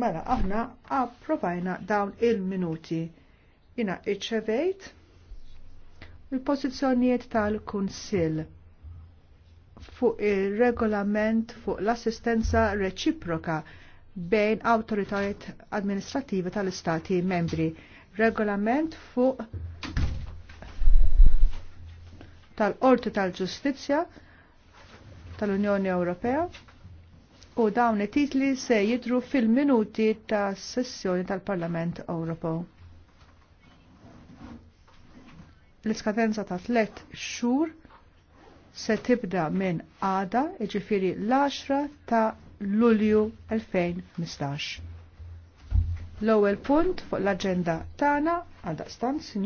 Mela, aħna approvajna dawn il-minuti. Jina iċċevejt il-pozizjonijiet tal-Kunsill fuq il-regolament fuq l-assistenza reċiproka bejn autoritajiet amministrativi tal-Istati membri. Regolament fuq tal-Qorti tal-Ġustizzja tal-Unjoni Ewropea u dawn it-titli se jidru fil-minuti ta' sessjoni tal-Parlament Ewropew. L-iskadenza ta' tlet xhur se tibda minn għada iġifiri l-10 ta' Lulju 2015. L-ewwel punt fuq l-aġenda tagħna għal daqstant